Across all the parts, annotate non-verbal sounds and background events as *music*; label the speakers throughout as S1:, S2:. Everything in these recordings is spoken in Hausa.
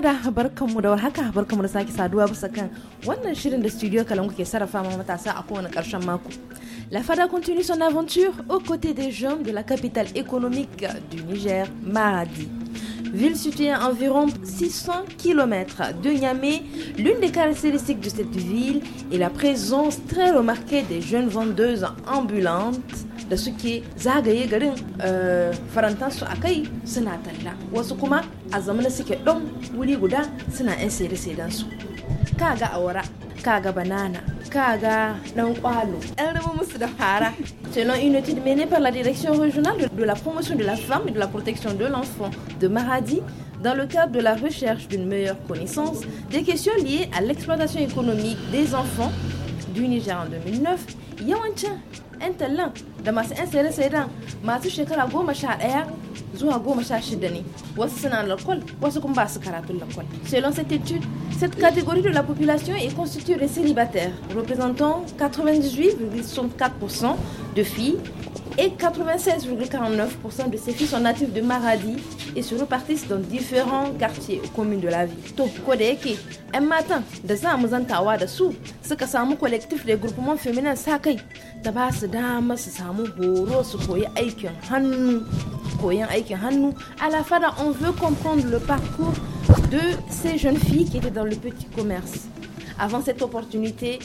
S1: La FADA continue son aventure aux côtés des jeunes de la capitale économique du Niger, Maradi. Ville située à environ 600 km de Niamey, l'une des caractéristiques de cette ville est la présence très remarquée des jeunes vendeuses ambulantes da suke zagaye garin eh, farantansu a kai suna talla wasu kuma a zamana suke ɗan wuri guda suna 'yan sayar su kaga awara kaga banana kaga dan kwalo yan rubu musu da fara selon une étude menée par la direction régionale de la promotion de la femme et de la protection de l'enfant de Maradi dans le cadre de la recherche d'une meilleure connaissance des questions liées à l'exploitation économique des enfants du Niger en 2009 un tel tallan da masu 'yan saye-sayen masu shekara goma sha ɗaya zuwa goma sha shida ne wasu suna l'alcool wasu kuma ba su karatun col. selon cette étude cette catégorie de la population est constituée de célibataires représentant 98,64% de filles et 96,49% de ces filles sont natives de Maradi et se repartissent dans différents quartiers ou communes de la ville. To un matin, da za mu da su suka samu collectif da groupements féminins, sa kai da dama samu horo su koyi aikin hannu hannu à la fin on veut comprendre le parcours de ces jeunes filles qui étaient dans le petit commerce. Avant cette opportunité,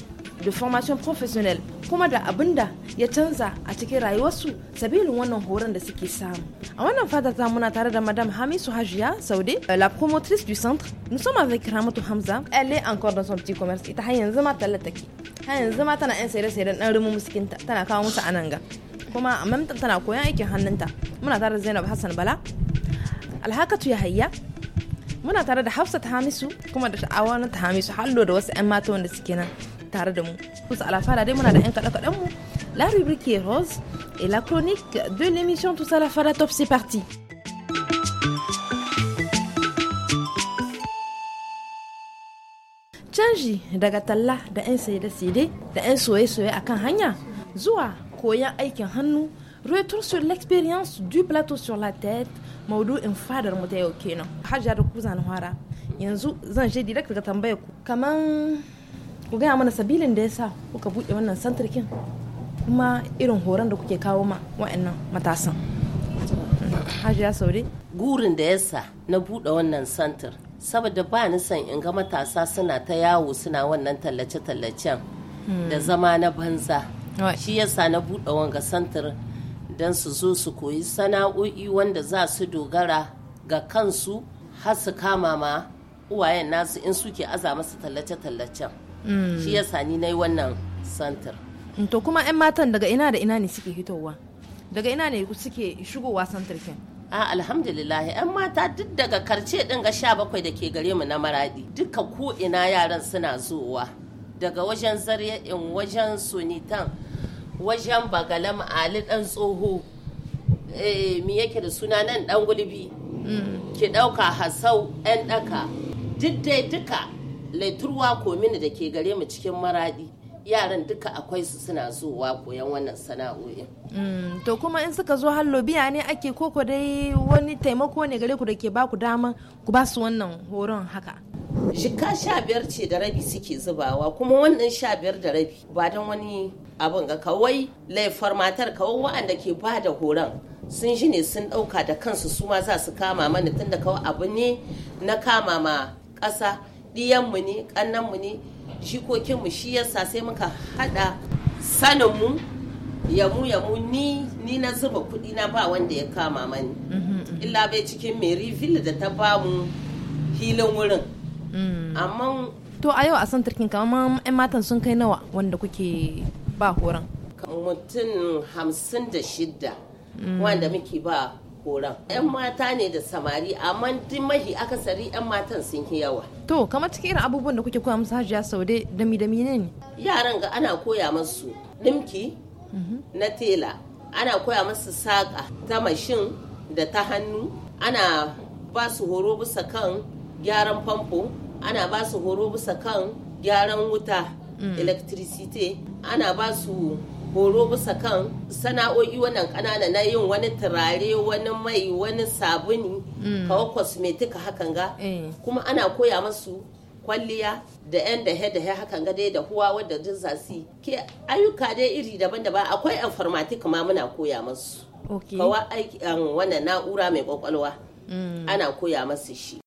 S1: de formation professional kuma da abin da ya canza a cikin rayuwarsu sabilin wannan horon da suke samu a wannan da madame hamisu hajiya saudi euh, la promotrice du centre nous sommes avec ramatu hamza elle est encore dans son petit commerce ita yanzu ma yanzu ma tana yan sayar sayar dan tana kawo ananga kuma tana koyan aikin hannunta muna tare da zainab hassan bala alhakatu hayya muna tare da hafsat hamisu kuma da sha'awa na hamisu hallo da wasu tare da mu kusa alafara dai muna da 'yan kaɗe-kaɗen mu la rubrique rose et la chronique de l'émission tout ça la fara top c'est parti canji daga talla da 'yan saye da sede da 'yan soye-soye akan hanya zuwa koyan aikin hannu retour sur l'expérience du plateau sur la tête maudu in fadar mu ta yau kenan hajjar kuzan hara yanzu zan je direct daga tambayar ku kaman ku gaya mana sabilin da ya sa kuka buɗe wannan santarkin kuma irin horon da kuke kawo ma wa'annan matasan
S2: hajiya gurin da yasa na buɗe wannan santar saboda ba ni son in ga matasa suna ta yawo suna wannan tallace-tallacen hmm. da zama na banza shi yasa na buɗe wanga santar don su zo su koyi sana'o'i wanda za su dogara ga kansu har su kama ma uwayen nasu in suke aza masu tallace-tallacen Mm. shi ya sani na yi wannan santar
S1: mm, to kuma 'yan matan daga ina da ina ne suke hitowa daga ina ne suke
S2: shigowa santar kin a alhamdulillah 'yan mata duk daga karce din ga sha bakwai da ke gare mu na maradi duka ko ina yaran suna zuwa daga wajen zarya in wajen sunitan wajen bagalam ali dan tsoho eh, mi yake da suna nan dan gulbi mm. ki dauka hasau yan daka duk dai duka laiturwa komini da ke gare mu cikin maradi yaran
S1: duka akwai su suna zuwa koyan wannan sana'o'in. Mm, to kuma in suka zo har lobiya ne ake koko dai wani taimako ne gare ku da ke baku dama ku ba su wannan horon haka.
S2: Shika sha biyar ce da rabi suke zubawa kuma wannan sha biyar da rabi ba don wani abin ga kawai laifar matar kawai wa'anda ke ba da horon sun shi ne sun ɗauka da kansu su ma za su kama mani tun da kawai abu ne na kama ma ƙasa ɗiyanmu ne ƙannanmu ne jikokinmu shi yasa sai muka haɗa saninmu yamu yamu ni ni na zuba kuɗi na ba wanda ya kama mani mm-hmm. illa bai cikin Ville da ta ba mu hilin wurin mm. amma
S1: to a yau a san turkin kamar 'yan matan sun kai nawa wanda kuke ba horon
S2: mutum hamsin da shidda mm. wanda muke ba koran yan mata ne da samari amma duk mahi akasari yan matan sun yi yawa
S1: to kamar cikin irin abubuwan da kuke koya musu hajiya saude dami dami ne yaran ga ana
S2: koya masu. dimki mhm. na tela ana koya masu saƙa ta mashin da ta hannu ana ba su horo bisa kan gyaran famfo ana ba su horo bisa kan gyaran wuta mm. electricity ana ba su horo bisa kan sana'o'i wannan kanana na yin wani turare wani mai wani sabuni mm. kawo cosmetic hakan ga eh. kuma ana koya masu kwalliya da yan da da hakan ga dai da huwa wadda duk zasi ke ayyuka dai iri daban-daban akwai informatic ma muna koya masu kawa um, wannan na'ura mai kwakwalwa mm. ana koya masu shi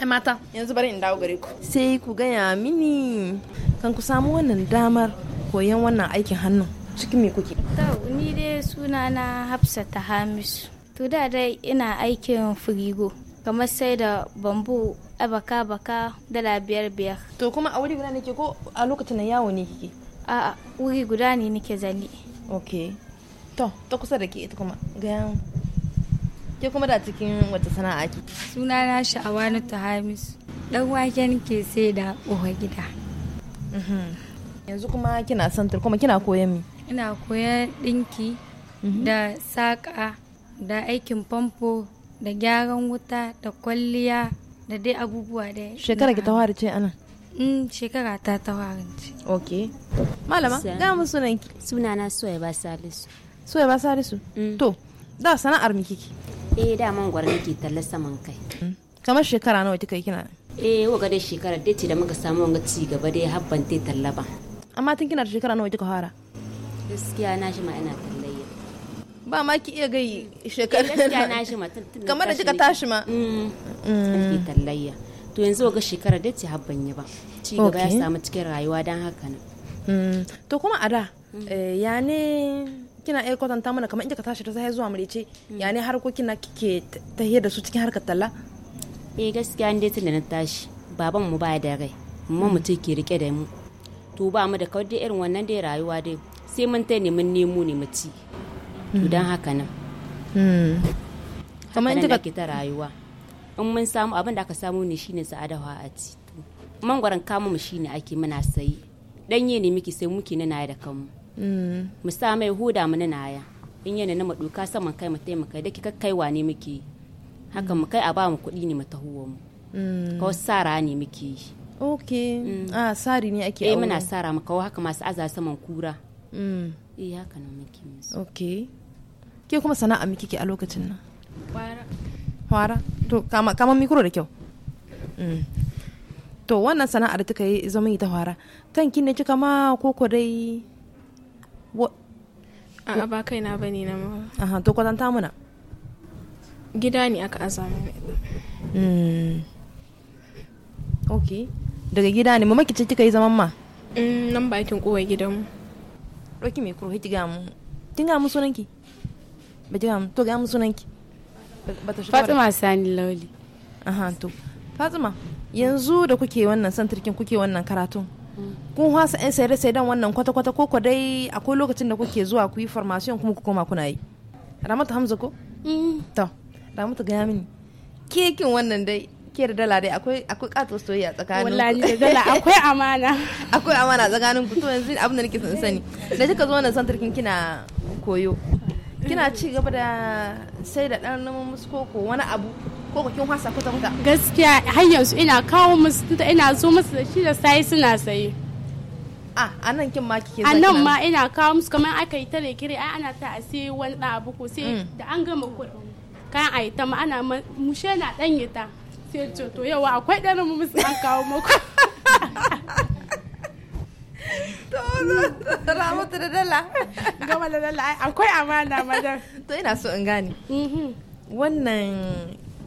S3: ‘Yan eh,
S1: mata, yanzu bari in dawo gare ku. Sai ku gaya mini, kan ku samu wannan damar koyan wannan aikin hannu. cikin me kuke to
S4: ni dai suna na hafsa ta hamisu to da dai ina aikin firigo kamar sai da bambu
S1: abaka baka dala biyar biyar to kuma a wuri guda nake ko a lokacin na yawo ne kike a wuri guda ne nake zali ok to ta kusa da ke ita kuma gayan
S5: ke kuma da cikin wata sana'a ki suna na sha'awa na tahamis dan wake nake sai da ƙofa gida mhm. yanzu kuma kina santar kuma kina koyan mi ina koyan ɗinki mhm. da saƙa da aikin famfo da gyaran wuta da kwalliya da dai abubuwa da shekara ki tawari ce ana in mm, shekara ta tawarin ce ok
S1: malama ga mu
S5: sunan ki soya suwaiba salisu suwaiba salisu mm. to
S1: da
S6: sana'ar mi kike eh da man gwarin ki talla saman kai mm. kamar shekara nawa kika yi kina eh waga dai shekara dai ce da muka samu wanga ci gaba dai habban te talla ba amma tun
S3: kina
S1: da shekara nawa kika fara
S6: gaskiya na shi ma ina tallayya ba ma ki iya gai eh, shekarar gaskiya *laughs* na shi ma kamar da kika tashi ma mm, mm. ki tallayya to yanzu ga shekara da ce habban ya ba ci gaba ya samu cikin rayuwa dan haka ne mm.
S1: to kuma a da eh, ya ne kina iya kwatanta mana kamar in ka tashi ta sai zuwa murice ya ne harkokin na kike tahiyar da su cikin harkar talla
S6: eh gaskiya ne tun da na tashi baban mu ya da rai amma mutum ke rike da mu to ba mu da kawai irin wannan dai rayuwa dai sai mun ta ne mun nemo ne mace to don haka nan hmm. kamar inda ke ta rayuwa in mun samu abin da aka samu ne shine sa'adawa a ci mangwaron kamu mu shine ake muna sayi danye ne muke sai muke na naya da kanmu hmm. mu sa mai huda mu na naya in yana na maduka saman kai mu taimaka da kika kaiwa ne muke haka mu kai a ba mu kuɗi ne mu tahuwa mu hmm. ko sara ne muke
S1: ok mm. ah sari ne ake eh muna sara
S6: maka haka masu aza saman kura Mm. eh haka nan muke musu
S1: okay ke kuma sana'a miki ke a lokacin nan kwara kwara to kama kama mikro da kyau mm. to wannan sana'ar ta kai zama ta kwara kanki ne kika ma koko
S7: dai a'a ba kaina ba ne na ma
S1: aha to kwatanta muna
S7: gida ne aka aza mini mm. ok
S1: daga gida ne mamaki ce kika yi zaman ma
S7: nan bakin kowa
S1: gidanmu ɗauki mai kuro hiti ga mu kin mu sunan ki ba ki ga mu to ga mu sunan Fatima
S7: Sani Lauli aha to
S1: Fatima yanzu da kuke wannan santirkin kuke wannan karatun mm. kun hasa yan sayar
S7: sayar wannan kwata
S1: kwata ko dai akwai lokacin da kuke zuwa ku yi formation kuma ku koma kuna yi Ramatu Hamza ko mm. to Ramatu ga mini kekin wannan dai ke da dala dai akwai kato soyayya tsakanin wallahi da dala akwai amana *laughs* akwai amana tsakanin ku to yanzu abin da nake son sani da kika zo wannan santar kin kina koyo kina ci gaba da sai da dan namun musu koko wani abu ko kin hasa kuta kuta gaskiya har yanzu
S8: ina kawo musu ina zo musu da shi da sai suna saye
S1: ah, a anan kin ma kike
S8: zaki anan ma ina kawo musu kamar aka yi tare kire ai ana ta a sai wani da abu ko sai mm. da an gama kuɗi kan a yi ta ma ana mushe na dan yi ta sai ce to yawa akwai ɗanin mu musu an kawo muku *laughs*
S1: ramatu da dala gama da dala akwai amana madam to ina so in gane mhm. wannan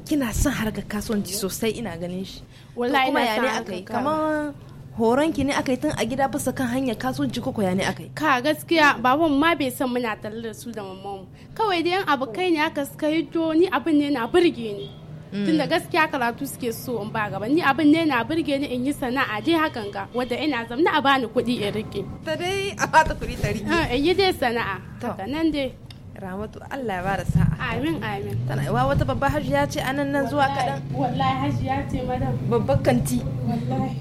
S1: kina son harkar kasuwanci sosai ina ganin shi
S8: wallahi kuma ya ne aka yi kamar horon ki ne aka tun a gida basa kan hanyar kasuwanci ko ya ne aka ka gaskiya baban ma bai san muna tare da su da mamman kawai dai yan abu kai ne aka suka hito ni abin ne na burge ni Mm. tunda gaskiya karatu suke so in ba gaba ni abin ne na burge ni in yi sana'a dai hakan ga wanda ina zamna a bani kuɗi in rike ta dai a bata kuɗi ta rike ah, in yi dai sana'a haka nan dai ramatu Allah ya bada sa'a amin amin tana wa wata babba hajiya ce anan nan zuwa kadan wallahi hajiya ce madam babban kanti wallahi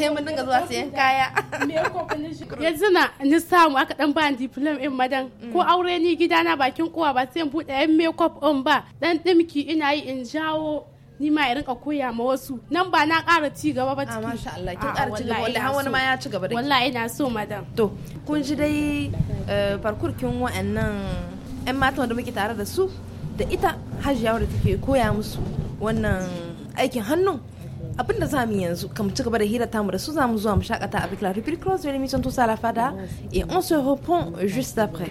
S8: eh *laughs* mun dinga zuwa sayan kaya me ko kullun shi yanzu na ni samu aka dan ba diploma in madam. Mm. ko aure ni gidana bakin kowa ba sai in bude yan makeup on ba dan dimki ina yi in jawo ni ma irin rinka koya ma wasu nan ba na ƙara ci gaba ba ah, ciki masha Allah kin ah, ƙara ci gaba wallahi wani ma ya ci gaba da wallahi ina so madam to
S1: kun ji dai farkurkin eh, wa'annan ɗan matan da muke tare da su da ita hajiya wadda take koya musu wannan aikin hannu abin da zamu yanzu kam ci gaba da hira tamu da su zamu zuwa mu shakata a Bikla Republic Cross Valley Mission Tosa fada et on se reprend juste après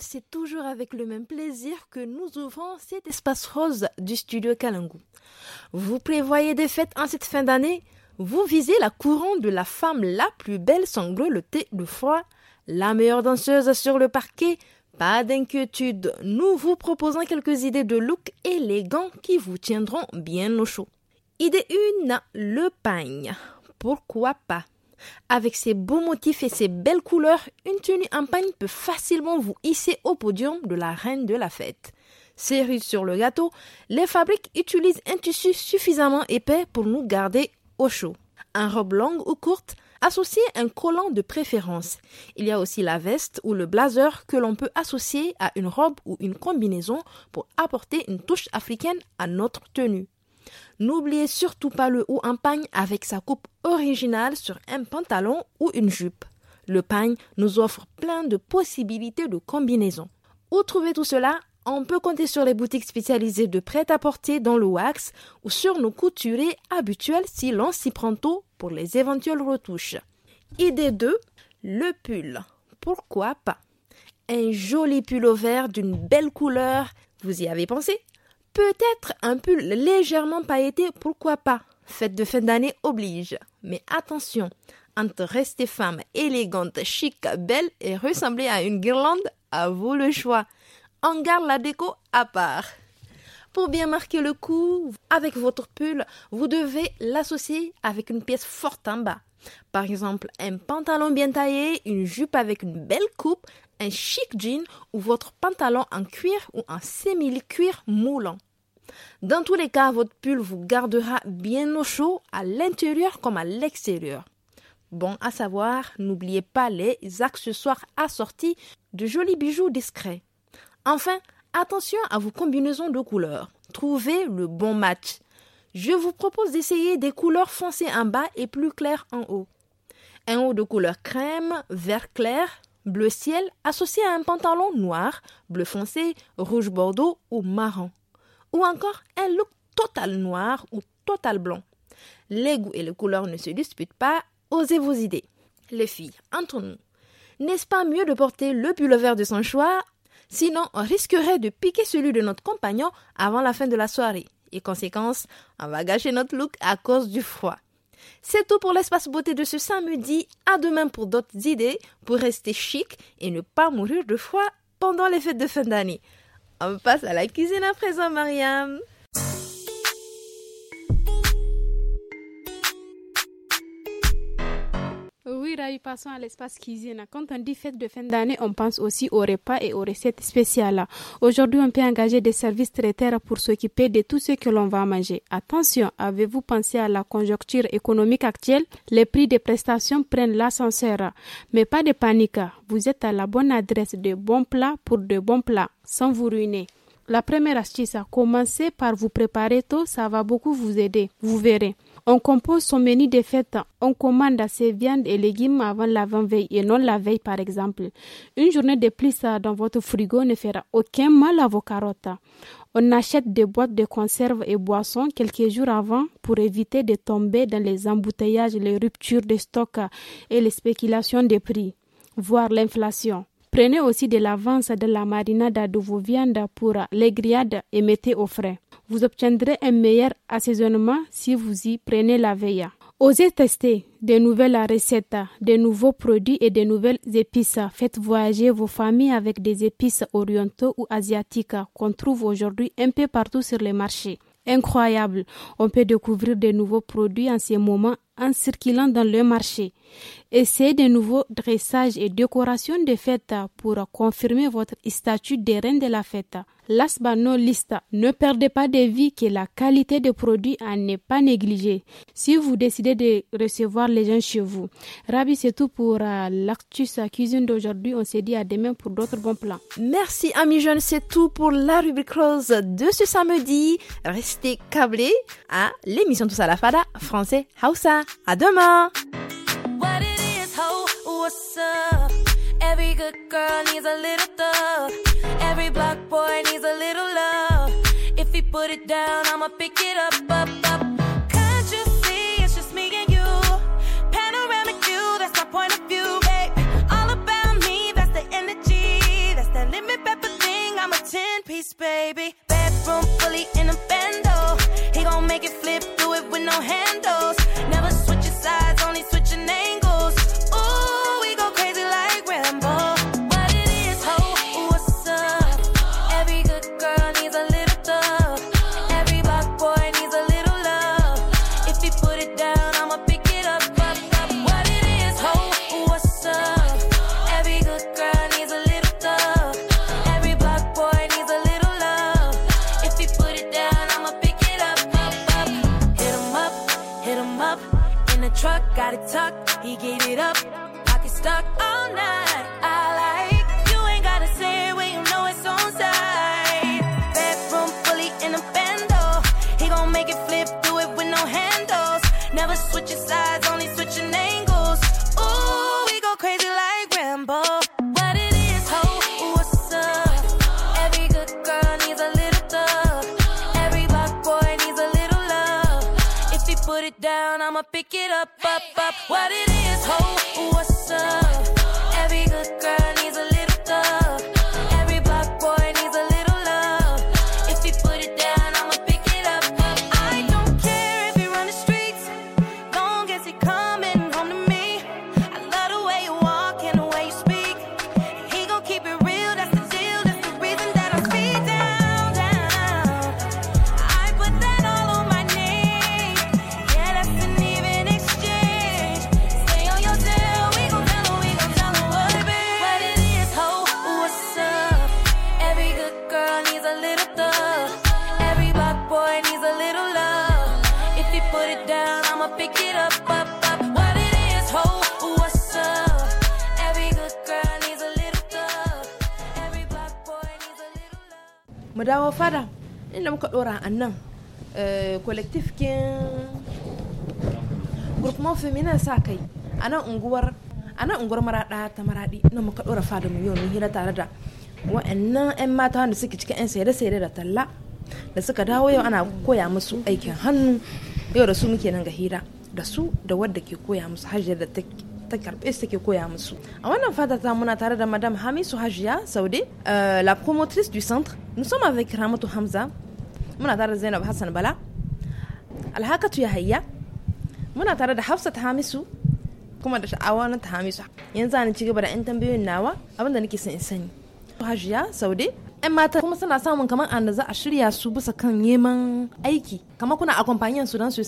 S1: c'est toujours avec le même plaisir que nous ouvrons cet espace rose du studio Kalangu. Vous prévoyez des fêtes en cette fin d'année Vous visez la couronne de la femme la plus belle thé le froid La meilleure danseuse sur le parquet pas d'inquiétude, nous vous proposons quelques idées de looks élégants qui vous tiendront bien au chaud. Idée 1, le pagne. Pourquoi pas avec ses beaux motifs et ses belles couleurs, une tenue en pagne peut facilement vous hisser au podium de la reine de la fête. Cerise sur le gâteau, les fabriques utilisent un tissu suffisamment épais pour nous garder au chaud. En robe longue ou courte, associez un collant de préférence. Il y a aussi la veste ou le blazer que l'on peut associer à une robe ou une combinaison pour apporter une touche africaine à notre tenue. N'oubliez surtout pas le haut en pagne avec sa coupe originale sur un pantalon ou une jupe. Le pagne nous offre plein de possibilités de combinaison. Où trouver tout cela On peut compter sur les boutiques spécialisées de prêt-à-porter dans le wax ou sur nos couturiers habituels si l'on s'y prend tôt pour les éventuelles retouches. Idée 2. Le pull. Pourquoi pas Un joli pull au vert d'une belle couleur. Vous y avez pensé peut-être un pull légèrement pailleté, pourquoi pas Fête de fin d'année oblige. Mais attention, entre rester femme élégante, chic, belle et ressembler à une guirlande, à vous le choix. On garde la déco à part. Pour bien marquer le coup, avec votre pull, vous devez l'associer avec une pièce forte en bas. Par exemple, un pantalon bien taillé, une jupe avec une belle coupe, un chic jean ou votre pantalon en cuir ou en semi cuir moulant. Dans tous les cas, votre pull vous gardera bien au chaud à l'intérieur comme à l'extérieur. Bon à savoir, n'oubliez pas les accessoires assortis de jolis bijoux discrets. Enfin, attention à vos combinaisons de couleurs. Trouvez le bon match. Je vous propose d'essayer des couleurs foncées en bas et plus claires en haut. Un haut de couleur crème, vert clair, bleu ciel associé à un pantalon noir, bleu foncé, rouge bordeaux ou marron. Ou encore un look total noir ou total blanc. Les goûts et les couleurs ne se disputent pas, osez vos idées. Les filles, entre nous, n'est-ce pas mieux de porter le pullover de son choix Sinon, on risquerait de piquer celui de notre compagnon avant la fin de la soirée. Et conséquence, on va gâcher notre look à cause du froid. C'est tout pour l'espace beauté de ce samedi. À demain pour d'autres idées, pour rester chic et ne pas mourir de froid pendant les fêtes de fin d'année. On passe à la cuisine à présent,
S7: Mariam. passons à l'espace cuisine. Quand on dit fête de fin d'année, on pense aussi aux repas et aux recettes spéciales. Aujourd'hui, on peut engager des services traiteurs pour s'occuper de tout ce que l'on va manger. Attention, avez-vous pensé à la conjoncture économique actuelle Les prix des prestations prennent l'ascenseur. Mais pas de panique, vous êtes à la bonne adresse de bons plats pour de bons plats, sans vous ruiner. La première astuce, commencez par vous préparer tôt, ça va beaucoup vous aider, vous verrez. On compose son menu de fête. On commande ses viandes et légumes avant l'avant-veille et non la veille, par exemple. Une journée de plus dans votre frigo ne fera aucun mal à vos carottes. On achète des boîtes de conserve et boissons quelques jours avant pour éviter de tomber dans les embouteillages, les ruptures de stock et les spéculations des prix, voire l'inflation. Prenez aussi de l'avance de la marinade de vos viandes pour les grillades et mettez au frais. Vous obtiendrez un meilleur assaisonnement si vous y prenez la veille. Osez tester de nouvelles recettes, de nouveaux produits et de nouvelles épices. Faites voyager vos familles avec des épices orientaux ou asiatiques qu'on trouve aujourd'hui un peu partout sur les marchés. Incroyable, on peut découvrir de nouveaux produits en ces moments en circulant dans le marché. Essayez de nouveaux dressages et décorations de fête pour confirmer votre statut de reine de la fête. Last but ne perdez pas de vue que la qualité des produits n'est pas négligée si vous décidez de recevoir les gens chez vous. Rabi, c'est tout pour euh, l'actus cuisine d'aujourd'hui. On se dit à demain pour d'autres bons plans. Merci, amis jeunes. C'est tout pour la rubrique rose de ce
S1: samedi. Restez câblés à l'émission Tous à la Fada, français Hausa. À demain!
S3: what's up. Every good girl needs a little thug. Every black boy needs a little love. If he put it down, I'ma pick it up, up, up. Can't you see it's just me and you? Panoramic view, that's my point of view, babe. All about me, that's the energy. That's that limit pepper thing. I'm a 10 piece, baby. Bedroom fully in a bando. He gon' make it flip, do it with no handles. down, I'ma pick it up, up, up. What it is, ho, what's up? Every good girl
S1: mu dawo fada inda muka dora a nan eh, collective kin groupement sa kai a nan unguwar a nan unguwar maraɗa ta maraɗi na muka dora fada mu yau hira tare da wa'annan 'yan mata wanda suke cikin 'yan sayar-sayar da talla da suka dawo yau ana koya musu aikin hannu yau da su muke nan ga hira da su da wadda ke koya musu hajjar da take ta karbe su take koya musu a wannan fata ta muna tare da madam hamisu hajiya saude euh, la promotrice du centre nous sommes avec ramatu hamza muna tare da zainab hassan bala alhakatu hayya muna tare da hafsat hamisu kuma da sha'awa na ta hamisu yanzu an ci gaba da 'yan tambayoyin nawa abinda nake son in sani hajiya saude 'yan mata kuma suna samun kamar an da za a shirya su bisa kan neman aiki kamar kuna a su don su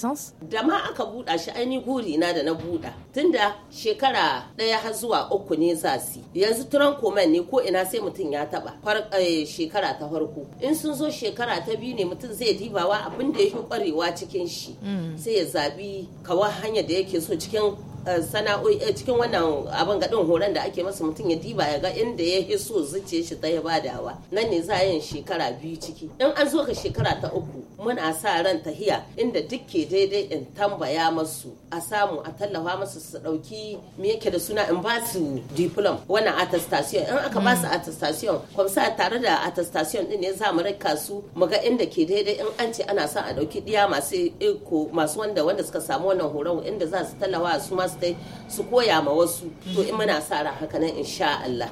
S2: da ma aka buɗa shi aini guri na da na buɗa tunda shekara ɗaya har zuwa uku ne za su yanzu turan koman ne ko ina sai mutum ya taɓa eh, shekara ta farko in sun zo shekara ta biyu ne mutum zai dibawa abin da ya fi kwarewa cikin shi mm. sai ya zaɓi kawai hanyar da yake so cikin Eh, sana'o'i eh, cikin wannan abin gadin horon da ake masa mutum ya diba ya ga inda ya so zuciyar shi ta ya badawa nan ne za a yin shekara biyu ciki in an zo ka shekara ta uku muna sa ran tahiya inda duk ke daidai in tambaya masu a samu a tallafa masu su dauki me yake da suna in ba su diplom wannan attestation in aka ba su mm. attestation kwamsa tare da attestation din ne za mu raka su mu ga inda ke daidai in an ce ana son a dauki diya masu iko masu wanda wanda suka samu wannan horon inda za su tallafa su masu dai su koya ma wasu to in muna sa ran haka nan insha Allah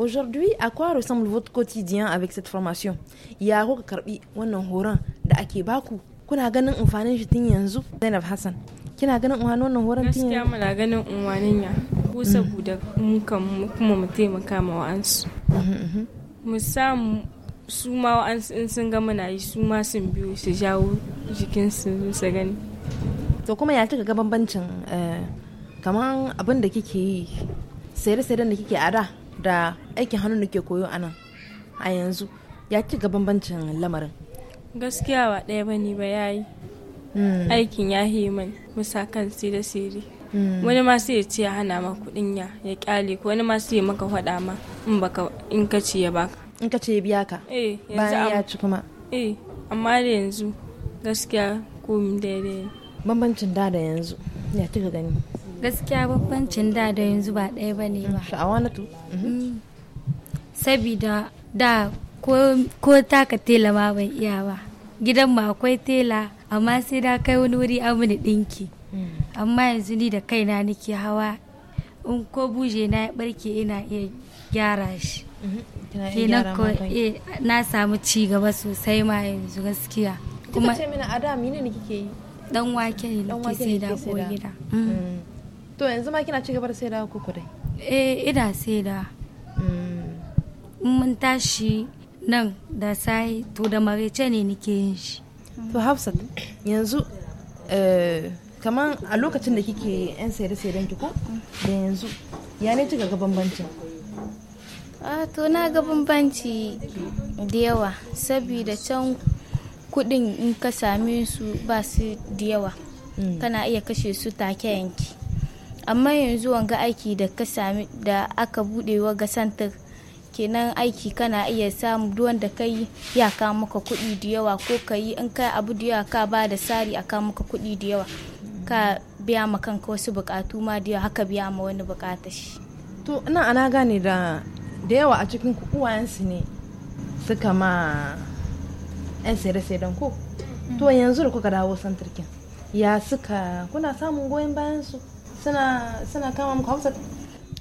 S1: Aujourd'hui, à quoi ressemble votre quotidien avec cette formation Ya kuka karbi wannan horon da ake baku? Kuna ganin amfanin shi tun yanzu? Zainab Hassan, kina ganin
S5: unwanin wannan horon tun yanzu? Gaskiya muna ganin unwanin ya. Ku saboda mu kan kuma mu taimaka ma wa'ansu. Uhm, uhm. Mu samu su ma wa'ansu in sun ga muna yi su ma sun biyo su jawo jikinsu su gani. To kuma ya kika ga
S1: bambancin eh, kamar abin da kike yi sayar sayar da kike a da da aikin hannu nake koyo a nan a yanzu ya ci ga bambancin lamarin
S5: gaskiya ba ɗaya ba ba ya yi hmm. aikin ya himan mani musakan da siri hmm. wani ma sai ya ce ya hana ma kuɗin ya ya kyale ko wani ma sai ya maka faɗa ma in baka in ka ce ya baka in ka ce ya biya ka eh bayan ya ci kuma eh amma da yanzu gaskiya komi daidai bambancin da da yanzu ya tuka gani gaskiya babbancin da da yanzu ba ɗaya ba ne ba mm, sha'awa na tu mm-hmm. mm. sabida da ko taka tela ma ban iya ba gidan ma akwai tela amma sai da kai wani wuri amini ɗinki mm. amma yanzu ni da kaina nake hawa in ko buje na ya barke ina iya gyara shi mm-hmm. kenan ko eh, na samu ci gaba sosai ma yanzu gaskiya kuma ce mina ada mine ne kike yi dan wake ne nake sai da ko gida to yanzu ma kina ci gaba da sai da kukurai eh ina sai da hmm. mun tashi nan da sai to da marece ne nike yin shi to hafsat yanzu eh, kamar a lokacin
S1: da kike yan sayar sayar ki ko da yanzu ya ne kika ga bambancin
S4: a ah, to na ga bambanci da yawa saboda can kudin in ka same su ba su da yawa hmm. kana iya kashe su take yanki amma yanzu wanga aiki da ka sami da aka bude ga santar kenan aiki kana iya samu duwan da ka yi ya ka maka kuɗi da yawa ko ka yi in ka abu da yawa ka ba da sari a ka maka kuɗi da yawa ka biya ma kanka wasu bukatu ma da yawa haka biya ma wani bukata shi
S1: to ina ana gane da da yawa a cikin uwayensu ne suka ma 'yan sai don ko to yanzu da kuka dawo santarkin ya suka kuna samun
S4: goyon bayan su suna kama muku hausa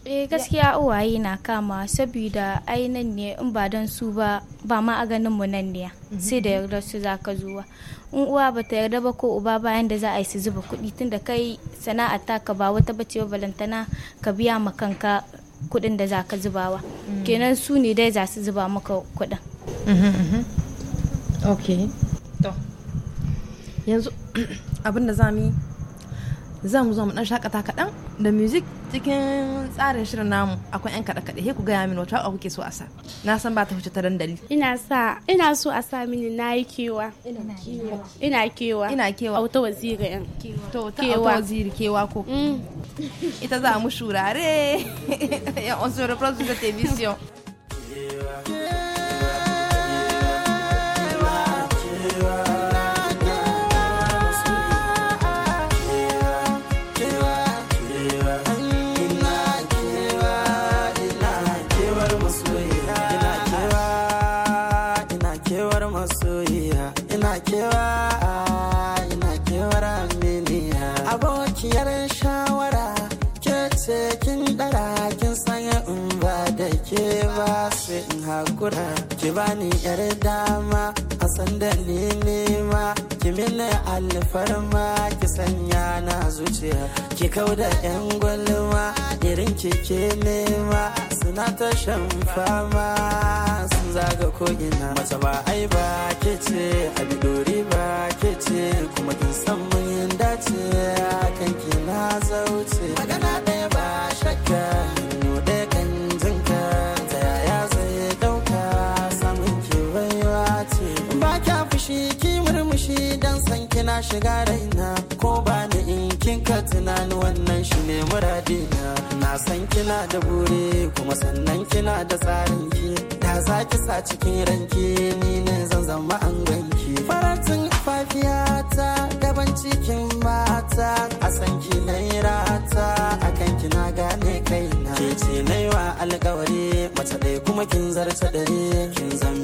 S4: eh gaskiya uwaye na kama saboda ai nan ne in ba don su ba ba ma a ganin mu nan ne mhm. sai da yarda su za ka zuwa in uwa ba ta yarda ba ko uba bayan da za a yi su zuba kuɗi tunda kai sana'a taka ba wata bace balantana ka biya ma kanka kuɗin da za ka zubawa mm. kenan su ne dai za su zuba maka kuɗin
S8: mhm, mhm. ok
S7: to
S1: yanzu *clears throat* abin da za mu yi za mu zo mu dan shakata kaɗan da music cikin tsarin shirin namu akwai yan kaɗe kaɗe ku gaya mini wata a kuke so a sa na san ba ta huce ta dandali
S8: ina sa ina so a sa mini na kewa ina kewa ina kewa auta waziri yan to ta auta waziri kewa ko mm. *laughs* ita za mu shurare
S1: *laughs* ya on se reprend sur
S9: cette kewa ina kewar aminiya abokiyar shawara ke ce dara kin sanya in ba da ke ba sai in hakura ki bani yar dama a san ni nema ki mini alfarma ki sanya na zuciya ki kauda yan gwalma irin ki ke nema suna ta shan fama sun zaga ko'ina mata ba ai ba ke ce abi dori ba ke ce kuma kin san mun dace kan ki na zauce magana ɗaya ba shakka shiga raina ko ba ni in kinka tunani wannan shi ne muradina na san kina da buri kuma sannan kina da tsarin ki da za ki sa cikin ranki ni ne zan zama an ganki faratin ta gaban cikin mata a san ki na rata a kan ki na gane kaina ke ce naiwa alkawari mace ɗaya kuma kin zarce dare kin zama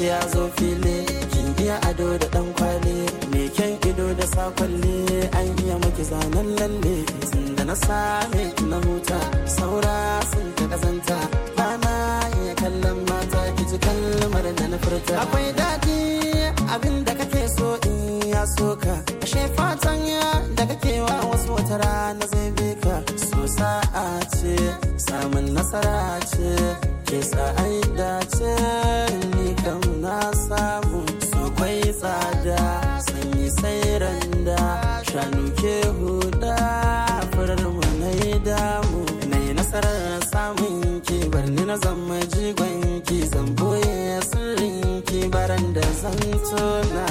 S9: ya zo fili ki iya ado da dan kwali me kyan ido da sakwalli an iya maki zanen lalle sun da na same na huta saura sun ta kazanta bana iya kallon mata ki ji kalmar da na furta akwai daɗi abin da kake so in ya so ka ashe fatan ya da kake wa wasu wata rana zai bi ka so sa'a ce samun nasara ce ke sa'ai dace na samu su kwai tsada sanyi sai randa shanu ke huda furar mu na damu na yi nasarar samun ki barni na zama jigon ki zan boye sirrin ki baran zan tona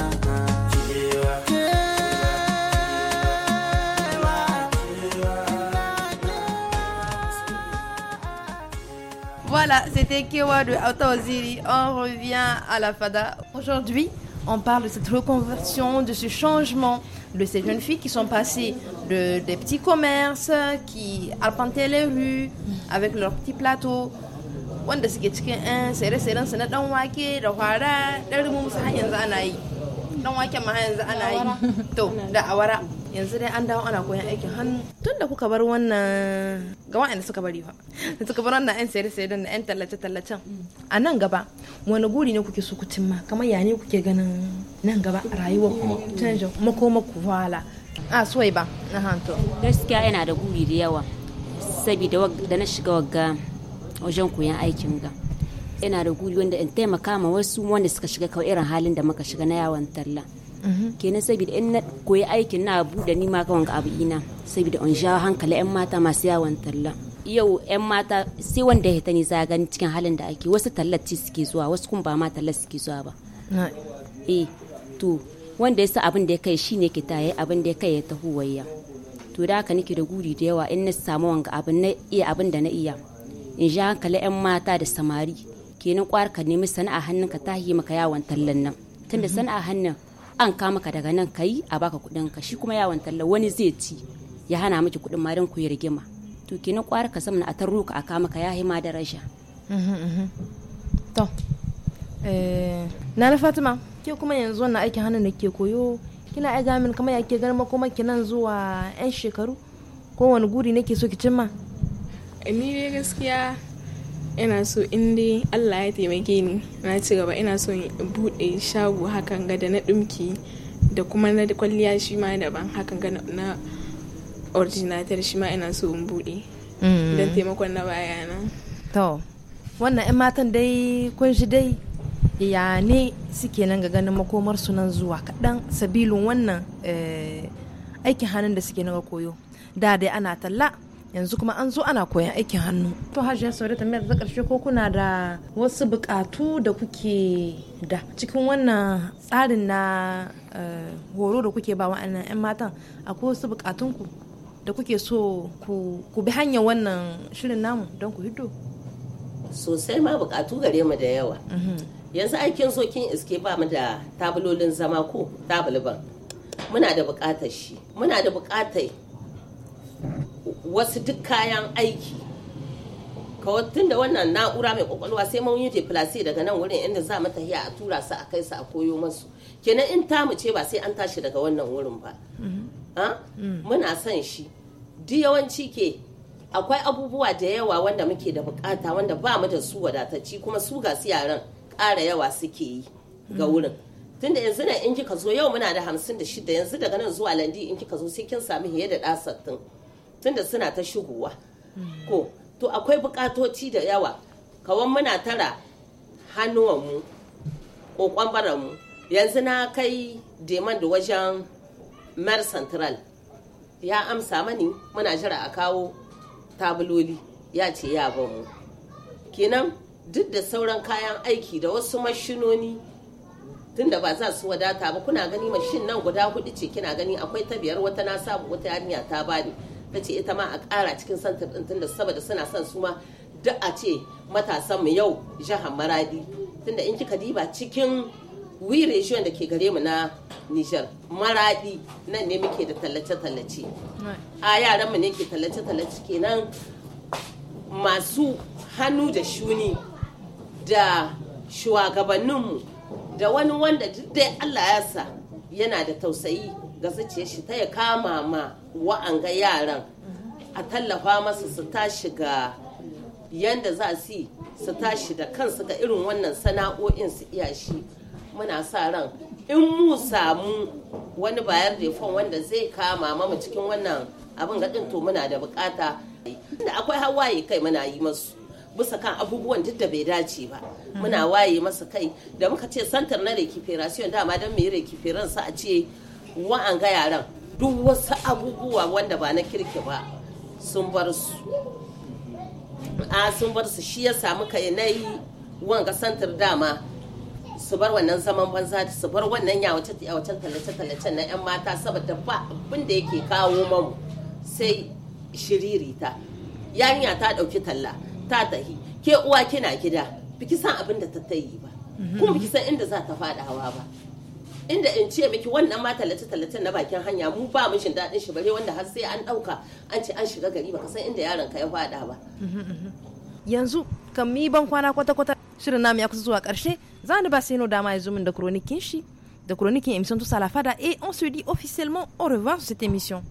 S1: Voilà, c'était Kewa de Aota On revient à la FADA. Aujourd'hui, on parle de cette reconversion, de ce changement de ces jeunes filles qui sont passées de, des petits commerces, qui arpentaient les rues avec leurs petits plateaux. wanda suke cikin 'yan sere-seren su na dan wake da kwara dan rumu musu har yanzu ana yi dan wake ma har yanzu ana yi to da awara yanzu dai an dawo ana koyan aikin hannu tun da kuka bar wannan ga wa'anda suka bari ba da suka bar wannan 'yan sayar sayar da 'yan tallace tallacen a nan gaba wani guri ne kuke so ku kamar ya ne kuke ganin nan gaba a rayuwar ku makoma ku wala a suwai ba na hanto
S6: gaskiya yana da guri da yawa saboda da na shiga wagga wajen koyan aikin ga yana da guri wanda in taimaka ma wasu wanda suka shiga kawai irin halin da muka shiga na yawon talla Mhm. kenan saboda in na koyi aikin na buɗe ni ma kawan abu ina saboda on ja hankali 'yan mata masu yawon talla yau 'yan mata sai wanda ya tani za cikin halin da ake wasu tallaci suke zuwa wasu kuma ba ma tallar suke zuwa ba eh to wanda ya sa abin da ya kai shine ke ta yi abin da ya kai ya taho wayya to da haka nake da guri da yawa in na samu wanga abin na iya abin da na iya in ja hankali 'yan mata da samari kenan kwarka ka nemi sana'a hannunka ta yi maka yawon tallan nan tunda mhm. sana'a hannun an kama ka daga nan kai a baka kuɗin ka shi kuma yawon talla wani zai ci ya hana miki kuɗin ma don ku rigima to kenan kwara ka samna a tarro ka a kama ka ya ma da rasha
S1: mhm, mhm. to eh, na na fatima ke kuma yanzu wannan aikin hannu da ke koyo kina ai gamin kamar yake garma kuma nan zuwa yan shekaru ko wani guri nake so ki cimma
S7: eh, ni gaskiya ina so in dai Allah ya taimake ni na ci gaba ina so in bude shago hakan ga da na dumki da kuma na kwalliya shi ma daban hakan ga na originator shi ma ina so in bude mm. don taimakon na baya na to wannan 'yan matan
S1: dai kun shi dai ya ne suke nan ga ganin makomar su nan zuwa kaɗan sabilin wannan eh, aikin hannun da suke naga koyo da dai ana talla yanzu kuma an zo ana koyan aikin hannu to Hajji ya sauri ta ta karshe ko kuna da wasu bukatu da kuke da cikin wannan tsarin na eh, horo da kuke ba wa'annan 'yan matan akwai wasu bukatunku da kuke so ku bi hanyar wannan shirin namu don ku hiddo sosai ma bukatu gare
S2: mu da yawa mhm. yanzu aikin sokin iske ba mu da tabulolin zama ko tabulban muna da bukatar shi muna da bukatar wasu duk kayan aiki kawai tun da wannan na'ura mai kwakwalwa sai mun yi deplace daga nan wurin inda za mata hiya a tura su a kai su a koyo masu kenan in ta ce ba sai an tashi daga wannan wurin ba mm-hmm. ah? mm. muna son shi duk yawanci ke akwai abubuwa da yawa wanda muke da bukata wanda ba mu da su wadatacci kuma su ga su yaran ƙara yawa suke yi ga mm. wurin tunda yanzu nan in kika zo yau muna da hamsin da shida yanzu daga nan zuwa landi in kika zo sai kin sami fiye da ɗa sattin tunda suna ta shigowa ko to akwai bukatoci da yawa kawan muna tara hannuwanmu ko kwambaranmu yanzu na kai deman da wajen mer central ya amsa mani muna jira a kawo tabuloli ya ce ya bamu. kenan duk da sauran kayan aiki da wasu mashinoni tunda ba za su wadata ba kuna gani mashin nan guda hudu ce kina gani akwai ta biyar wata na sabu wata yarinya ta bani ta ce ita ma a ƙara cikin santar ɗin tunda saboda suna son su ma duk a ce matasan mu yau jihar maradi tunda in kika diba cikin wi region da ke gare mu na Nijar maradi nan ne muke da tallace-tallace a yaran mu ne ke tallace-tallace kenan masu hannu da shuni da shugabanninmu da wani wanda duk dai Allah ya sa yana da tausayi ga zuciyar shi ta ya kama ma wa'anga yaran a tallafa masa su tashi ga yanda za su su tashi da kansu ga irin wannan sana'o'in su iya shi muna sa ran in mu samu wani bayar fon wanda zai kama mu cikin wannan abin gaɗin to muna da bukata da akwai hawaye kai muna yi masu bisa kan abubuwan duk da bai dace ba muna waye masa kai da muka ce santar na rekiferasiyon dama don mai rekiferan sa a ce wa'an ga yaran duk wasu abubuwa wanda ba na kirki ba sun bar su a sun bar su shi ya samu kai na yi wanga santar dama su bar wannan zaman banza su bar wannan yawacen tallace-tallace na 'yan mata saboda ba abin da yake kawo mamu sai shiririta yanya ta ɗauki talla ta tahi ke uwa kina gida biki san abin da ta tayi ba kuma biki san inda za ta fadawa ba inda in ce miki wannan ma talace talace na bakin hanya mu ba mu shin dadin shi bare wanda har sai an dauka an ce an shiga gari baka san inda yaron ka ya fada ba
S1: yanzu kan mi ban kwana kwata kwata shirin namu ya kusa zuwa karshe za ni ba sai no dama ya zo min da kronikin shi da kronikin emission to ça et on se dit officiellement au revoir cette émission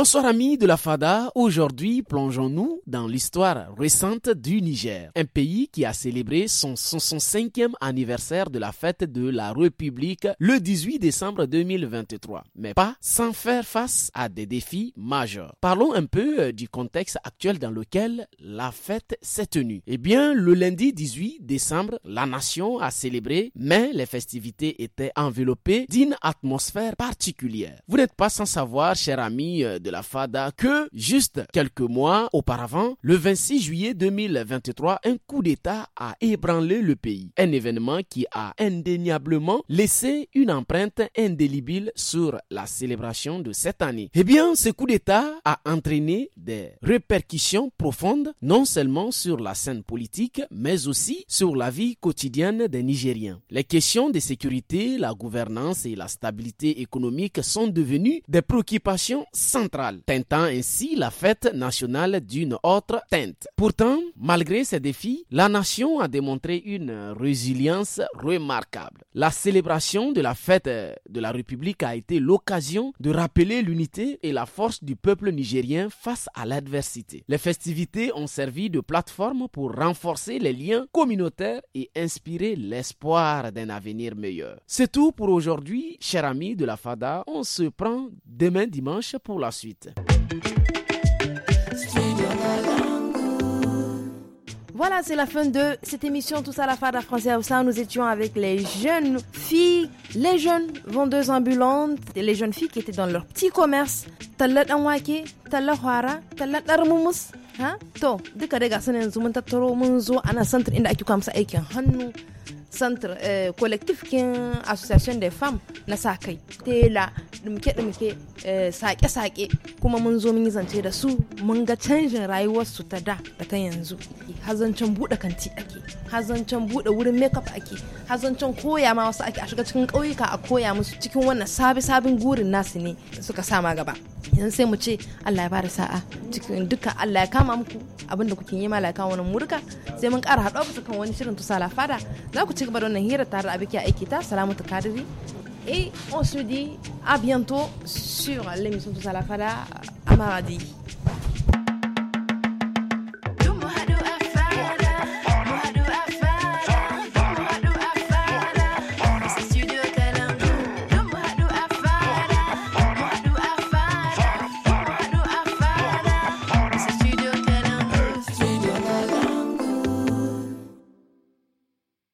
S10: Bonsoir amis de la Fada, aujourd'hui plongeons-nous dans l'histoire récente du Niger, un pays qui a célébré son 65e anniversaire de la fête de la République le 18 décembre 2023, mais pas sans faire face à des défis majeurs. Parlons un peu euh, du contexte actuel dans lequel la fête s'est tenue. Eh bien, le lundi 18 décembre, la nation a célébré, mais les festivités étaient enveloppées d'une atmosphère particulière. Vous n'êtes pas sans savoir, chers amis euh, de la FADA que, juste quelques mois auparavant, le 26 juillet 2023, un coup d'État a ébranlé le pays. Un événement qui a indéniablement laissé une empreinte indélébile sur la célébration de cette année. Eh bien, ce coup d'État a entraîné des répercussions profondes, non seulement sur la scène politique, mais aussi sur la vie quotidienne des Nigériens. Les questions de sécurité, la gouvernance et la stabilité économique sont devenues des préoccupations centrales centrale, teintant ainsi la fête nationale d'une autre teinte. Pourtant, malgré ces défis, la nation a démontré une résilience remarquable. La célébration de la fête de la République a été l'occasion de rappeler l'unité et la force du peuple nigérien face à l'adversité. Les festivités ont servi de plateforme pour renforcer les liens communautaires et inspirer l'espoir d'un avenir meilleur. C'est tout pour aujourd'hui, chers amis de la FADA. On se prend demain dimanche pour la suite.
S1: Voilà, c'est la fin de cette émission Tous à la Fada Français sein. Nous étions avec les jeunes filles, les jeunes vendeuses ambulantes, et les jeunes filles qui étaient dans leur petit commerce. Talat Anwake, Talat Hwara, Talat Armumous. Hein? To, duka dai ga sanin ana santar inda ake aikin hannu. santar eh, collective kin association da fam na sa kai tela dumke-dumke eh, sake-sake kuma mun zo mun yi zance da su mun ga canjin rayuwarsu ta da da ta yanzu hazancan buɗe kanti ake hazancan buɗe wurin makeup ake hazancan koya ma wasu ake a shiga cikin kauyuka a koya musu cikin wannan sabi sabin gurin nasu ne suka sama gaba yanzu sai mu ce Allah ya bada sa'a cikin duka Allah ya kama muku abinda kuke yi ma Allah ya kawo wani murka sai mun ƙara haɗuwa kan wani shirin tusala fada za ku Et on se dit à bientôt sur l'émission de Salafada